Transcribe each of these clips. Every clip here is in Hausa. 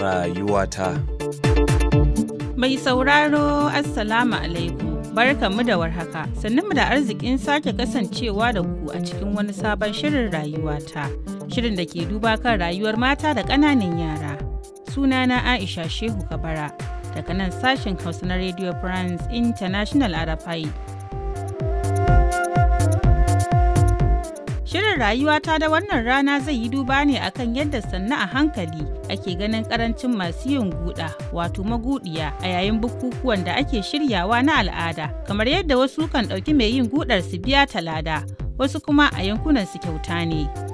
Rayuwata Mai sauraro Assalamu alaikum mu da warhaka mu da arzikin sake kasancewa da ku a cikin wani sabon shirin rayuwata shirin da ke duba kan rayuwar mata da ƙananan yara sunana Aisha Shehu Kabara daga nan sashen Hausa na Radio France International Arafai rayuwata da wannan rana zai yi duba ne akan yadda sannu a hankali ake ganin karancin masu yin guda wato magudiya a yayin bukukuwan da ake shiryawa na al'ada kamar yadda wasu kan ɗauki mai yin gudar su biya talada wasu kuma a yankunan su kyauta ne.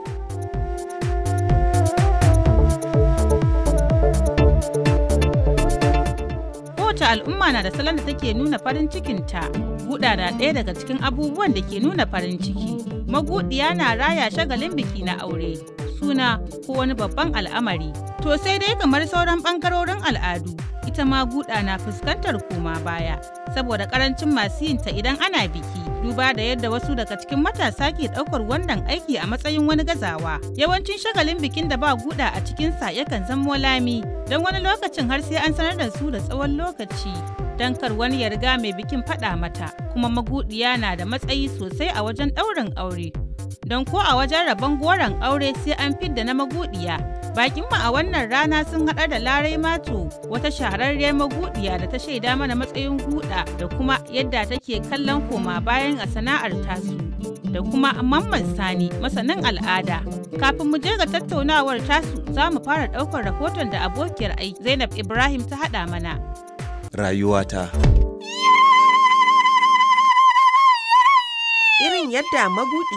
al'umma na da salon da take nuna farin cikinta guda da ɗaya daga cikin abubuwan da ke nuna farin ciki maguɗiya na raya shagalin biki na aure suna ko wani babban al'amari to sai dai kamar sauran ɓangarorin al'adu ita ma guda na fuskantar koma baya saboda ƙarancin masu yinta idan ana biki duba da yadda wasu daga cikin matasa ke ɗaukar wannan aiki a matsayin wani gazawa yawancin shagalin bikin da ba guda a cikinsa yakan zamo lami don wani lokacin har sai an sanar da su da tsawon lokaci don kar wani yarga mai bikin faɗa mata kuma maguɗiya na da matsayi sosai a wajen ɗaurin aure don ko a wajen rabon goron aure sai an fidda na maguɗiya Bakin mu a wannan rana sun haɗa da Larai Mato, wata shahararriyar maguɗiya da ta shaida mana matsayin guda da kuma yadda take kallon koma bayan a sana'ar tasu. Da kuma Mamman Sani, masanin al'ada. Kafin mu jirga tattaunawar tasu, za mu fara ɗaukar rahoton da abokiyar aiki Zainab Ibrahim ta haɗa mana. Rayuwata. Irin yadda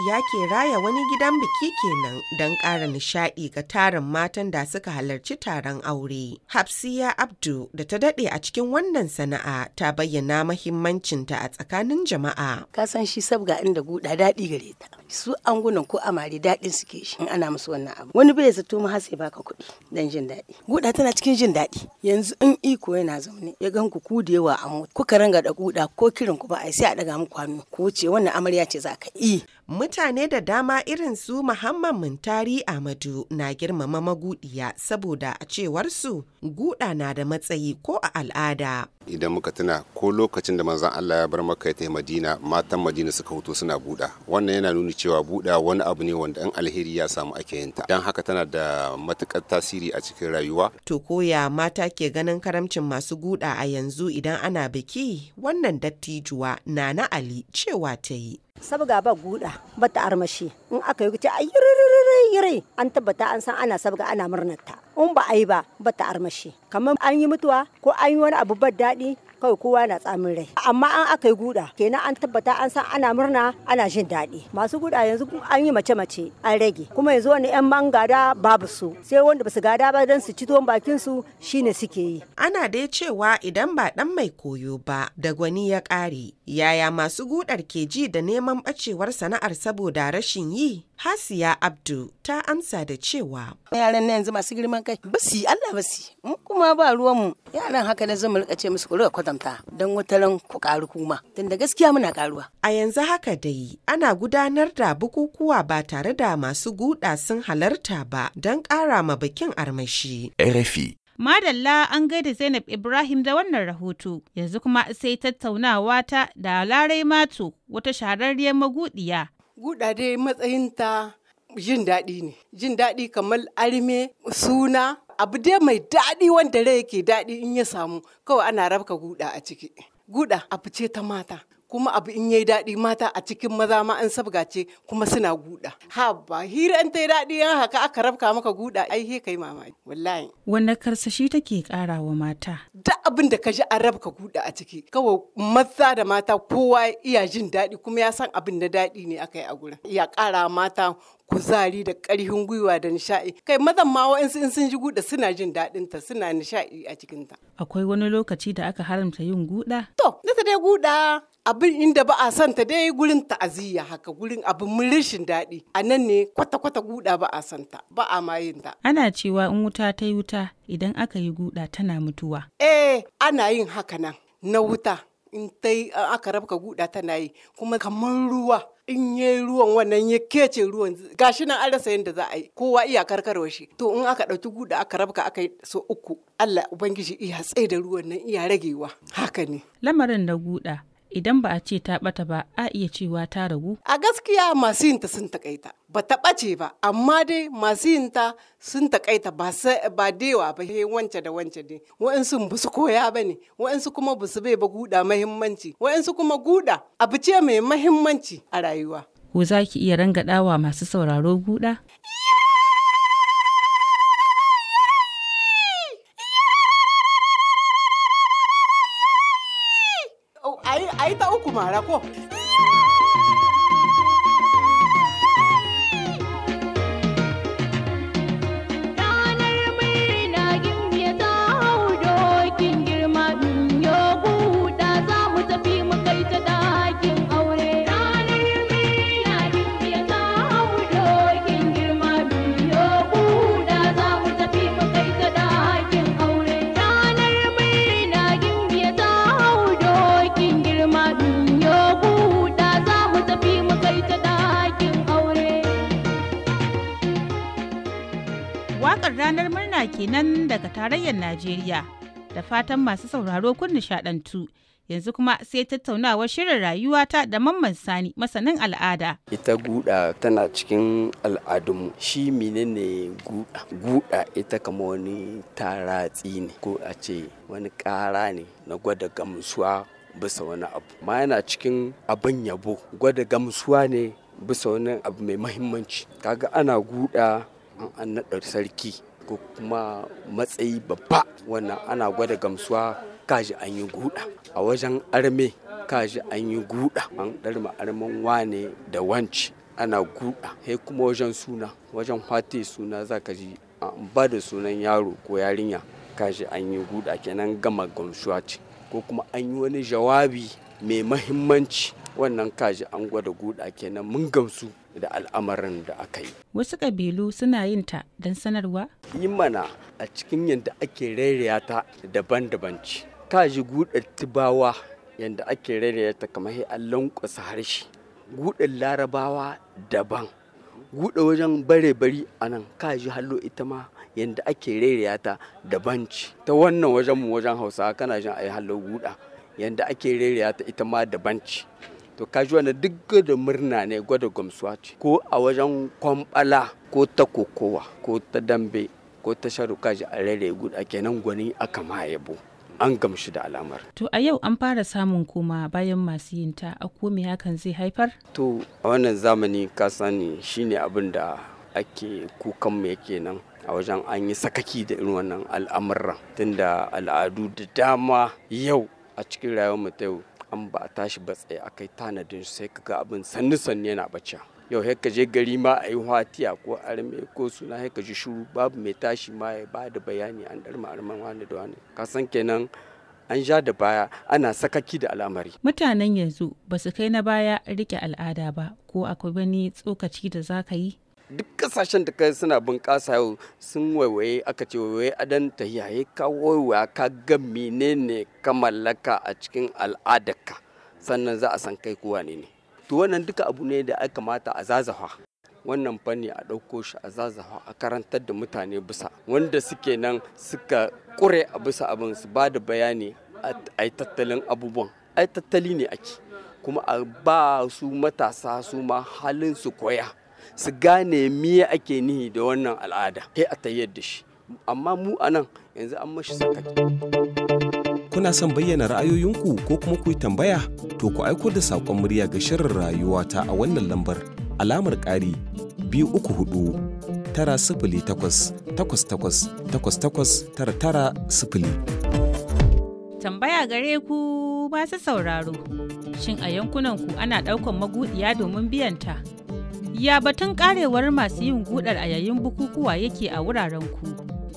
ya ke raya wani gidan biki kenan don ƙara nishaɗi ga tarin matan da suka halarci taron aure. Hafsiya Abdu da ta daɗe a cikin wannan sana'a ta bayyana mahimmancinta a tsakanin jama'a. Ka san shi sabga inda guda daɗi gare ta. Su angunan ko amare daɗin suke shi in ana musu wannan abu. Wani bai zato mu har baka kuɗi dan jin daɗi. Guda tana cikin jin daɗi. Yanzu in iko yana zaune ya gan ku da yawa a mota. Kuka ranga da guda ko kirin ku ba a sai a ɗaga muku kwano ku wuce wannan amarya ce za kaɗe. Mutane da dama irin su Muhammad Muntari Ahmadu na girmama maguɗiya saboda a cewarsu guda na da matsayi ko a al'ada. Idan muka tuna ko lokacin da manzan Allah ya bar maka ta Madina matan Madina suka hoto suna buɗa. Wannan yana nuni cewa buɗa wani abu ne wanda in alheri ya samu ake yin ta. Dan haka tana da matuƙar tasiri a cikin rayuwa. To koya mata ke ganin karamcin masu guda a yanzu idan ana biki wannan dattijuwa na na Ali cewa ta yi. sabga ba guda bata armashi in aka yi ce ayyiririrai an tabbata an san ana sabga ana murnarta in ba a yi ba bata armashi kamar an yi mutuwa ko an yi wani abu ba daɗi kawai kowa na tsamin rai amma an aka yi guda kenan an tabbata an san ana murna ana jin daɗi masu guda yanzu an yi mace mace an rage kuma yanzu wani yan man gada babu su sai wanda basu gada ba don su ci tuwon bakin su shine suke yi ana dai cewa idan ba dan mai koyo ba da gwani ya ƙare yaya masu gudar ke ji da neman bacewar sana'ar saboda rashin yi Hasiya Abdu ta amsa da cewa yaran na yanzu masu girman kai ba su Allah ba su mu kuma ba ruwanmu yaran haka na zama rika ce musu ku rika kwatanta don wata ran ku karu kuma Tunda gaskiya muna karuwa a yanzu haka dai ana gudanar da bukukuwa ba tare da masu guda sun halarta ba don ƙara ma bikin armashi RFI Madalla an gaida Zainab Ibrahim da wannan rahoto, yanzu kuma sai tattaunawa ta da Larai Mato, wata shahararriyar maguɗiya guda dai matsayinta jin daɗi ne jin daɗi kamar arme suna abu dai mai daɗi wanda rai yake daɗi in ya samu kawai ana rabka guda a ciki guda abu ce ta mata kuma abu in yayi daɗi mata a cikin maza ma an ce kuma suna guda haba hira in ta yi daɗi yan haka aka rabka maka guda ai he kai mamaki wallahi karsa karsashi take ƙara wa mata da abin da ka ji an rabka guda a ciki kawai maza da mata kowa iya jin daɗi kuma ya san abin na daɗi ne aka yi a gurin ya ƙara mata kuzari da ƙarfin gwiwa da nishaɗi kai mazan ma wa'insu in sun ji guda suna jin daɗin ta suna nishaɗi a cikin ta akwai wani lokaci da aka haramta yin guda to ta dai guda abin inda ba a santa ta dai gurin ta'aziyya haka gurin abin mun rishin daɗi a nan ne kwata-kwata guda ba a santa ba a mayin ta. Ana cewa in wuta ta yi wuta idan aka yi guda tana mutuwa. Eh ana yin haka nan na wuta in ta yi aka rabka guda tana yi kuma kamar ruwa in ya ruwan wannan ya kece ruwan gashi nan an rasa yadda za a yi kowa iya karkarwa shi to in aka ɗauki guda aka rabka aka yi so uku Allah ubangiji iya tsaye da ruwan nan iya ragewa haka ne lamarin da guda idan ba a ce ta bata ba a iya cewa ta ragu? A gaskiya masu yinta sun takaita ba ta ɓace ba amma dai masu yinta sun takaita ba ba dewa ba he wance da wance dai wa'ansu ba su koya ba ne wa'ansu kuma ba su bai ba guda mahimmanci wa'ansu kuma guda abu ce mai mahimmanci a rayuwa. Ko za ki iya rangadawa masu sauraro guda? Aí, aí tá o Kumara, ko? Waƙar ranar murna kenan daga tarayyar Najeriya da fatan masu sauraro kun nishaɗantu. Yanzu kuma sai tattaunawar shirin rayuwata da mamman sani masanin al'ada. Ita guda tana cikin al'adunmu shi menene guda. Guda ita kama wani taratsi ne ko a ce wani ƙara ne na gwada gamsuwa bisa wani abu. Ma yana cikin abin yabo gwada gamsuwa ne bisa wani abu mai mahimmanci. Kaga ana guda an naɗa sarki ko kuma matsayi babba wannan ana gwada gamsuwa kaji an yi guda a wajen arme kaji an yi guda an ɗarma armen wane da wanci ana guda sai kuma wajen suna wajen hwate suna za ka ji an ba da sunan yaro ko yarinya kaji an yi guda kenan gama gamsuwa ce ko kuma an yi wani jawabi mai mahimmanci wannan kaji an gwada guda kenan mun gamsu da al'amarin da aka yi wasu ƙabilu suna yin ta don sanarwa yi mana a cikin yadda ake rairaya ta daban-daban ce kaji guda tubawa yadda ake rairaya ta kamar allon lankwasa harshe Guda larabawa daban guda wajen bare bari a nan kaji hallo ita ma yadda ake rairaya ta daban ce ta wannan wajen mu wajen hausa kana jin a yi hallo guda yadda ake rairaya ta ita ma daban ce to kaji wani duk da murna ne gwada gamsuwa ce ko a wajen kwambala ko ta kokowa ko ta dambe ko ta sharu kaji a rere guda kenan gwani aka ma yabo an gamshi da al'amar. To a yau an fara samun koma bayan masu yin ta a me hakan zai haifar? To a wannan zamani ka sani shine abin da ake kukan mu yake nan a wajen an yi sakaki da irin wannan al'amuran tunda al'adu da dama yau a cikin rayuwar mu ta yau an ba a tashi ba tsaye a kai tanadin sai ka ga abin sannu sannu yana bacca yau sai ka je gari ma a yi hatiya ko arme ko suna sai ka ji shuru babu mai tashi ma ya ba da bayani an dar ma'arman wani da wani ka san kenan an ja da baya ana sakaki da al'amari. Mutanen yanzu ba su kai na baya rike al'ada ba ko akwai wani tsokaci da za ka yi duk kasashen da kai suna bunƙasa yau sun waiwaye aka ce waiwaye adan ta yaye ka waiwaya ka ga menene ka mallaka a cikin al'adarka sannan za a san kai kowa ne ne to wannan duka abu ne da aka kamata a zazafa wannan fanni a ɗauko shi a zazafa a karantar da mutane bisa wanda suke nan suka kure a bisa abin su ba da bayani a yi tattalin abubuwan ai tattali ne ake kuma a ba su matasa su ma halin su koya su gane miye ake nihi da wannan al'ada sai a tayyar da shi amma mu a nan yanzu an mashi sakaki kuna son bayyana ra'ayoyinku ko kuma ku yi tambaya to ku aiko da saƙon murya ga shirin rayuwa ta a wannan lambar alamar ƙari biyu uku hudu tara sifili takwas takwas takwas takwas takwas tara tara sifili tambaya gare ku masu sauraro shin a yankunanku ana ɗaukan maguɗiya domin biyanta Ya batun karewar masu yin gudar a yayin bukukuwa yake a wuraren ku.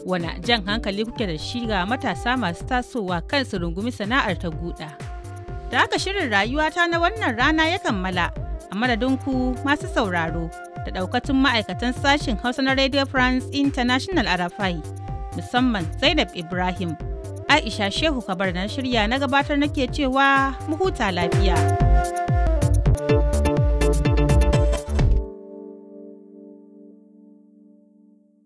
Wana jan hankali kuke da shi ga matasa masu tasowa kan su rungumi sana'ar ta guda. Da haka shirin rayuwata na wannan rana ya kammala a madadin ku masu sauraro da daukacin ma'aikatan sashen Hausa na Radio France International Arafai musamman Zainab Ibrahim. Aisha Shehu kabar na shirya na gabatar nake cewa mu huta lafiya.